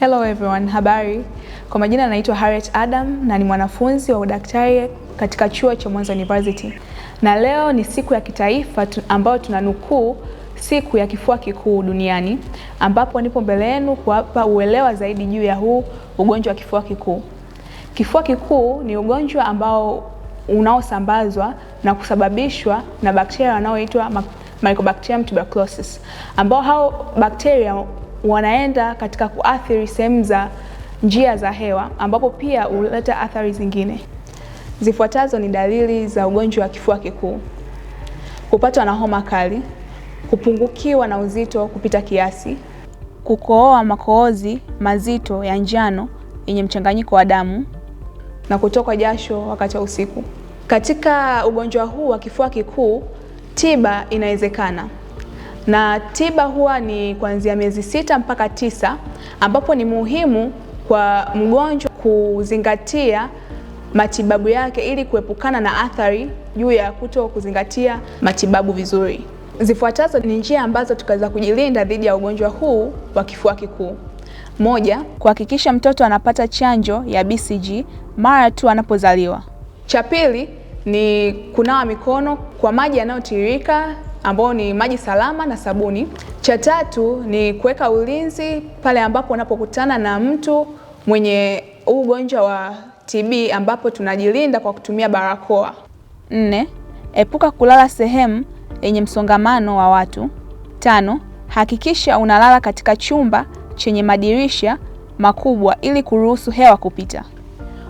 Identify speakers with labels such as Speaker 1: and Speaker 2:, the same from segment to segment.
Speaker 1: Hello everyone, habari. Kwa majina naitwa Harriet Adam na ni mwanafunzi wa udaktari katika chuo cha Mwanza University. Na leo ni siku ya kitaifa ambayo tunanukuu siku ya kifua kikuu duniani, ambapo nipo mbele yenu kuwapa uelewa zaidi juu ya huu ugonjwa wa kifua kikuu. Kifua kikuu ni ugonjwa ambao unaosambazwa na kusababishwa na bakteria wanaoitwa Mycobacterium tuberculosis ambao hao bakteria wanaenda katika kuathiri sehemu za njia za hewa ambapo pia huleta athari zingine. Zifuatazo ni dalili za ugonjwa wa kifua kikuu: kupatwa na homa kali, kupungukiwa na uzito kupita kiasi, kukohoa makohozi mazito ya njano yenye mchanganyiko wa damu na kutokwa jasho wakati wa usiku. Katika ugonjwa huu wa kifua kikuu, tiba inawezekana na tiba huwa ni kuanzia miezi sita mpaka tisa, ambapo ni muhimu kwa mgonjwa kuzingatia matibabu yake ili kuepukana na athari juu ya kuto kuzingatia matibabu vizuri. Zifuatazo ni njia ambazo tukaweza kujilinda dhidi ya ugonjwa huu wa kifua kikuu. Moja, kuhakikisha mtoto anapata chanjo ya BCG mara tu anapozaliwa. Cha pili ni kunawa mikono kwa maji yanayotiririka ambao ni maji salama na sabuni. Cha tatu ni kuweka ulinzi pale ambapo unapokutana na mtu mwenye ugonjwa wa TB ambapo tunajilinda kwa kutumia barakoa.
Speaker 2: Nne, epuka kulala sehemu yenye msongamano wa watu. Tano, hakikisha unalala katika chumba chenye madirisha makubwa ili kuruhusu hewa kupita.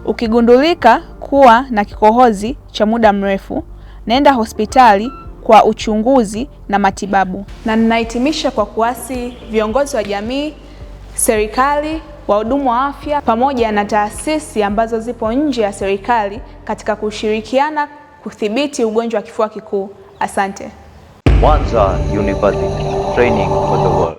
Speaker 2: Ukigundulika kuwa na kikohozi cha muda mrefu, nenda hospitali kwa uchunguzi na matibabu.
Speaker 1: Na ninahitimisha kwa kuasi viongozi wa jamii, serikali, wahudumu wa afya pamoja na taasisi ambazo zipo nje ya serikali katika kushirikiana kudhibiti ugonjwa wa kifua kikuu. Asante. Mwanza University, training for the world.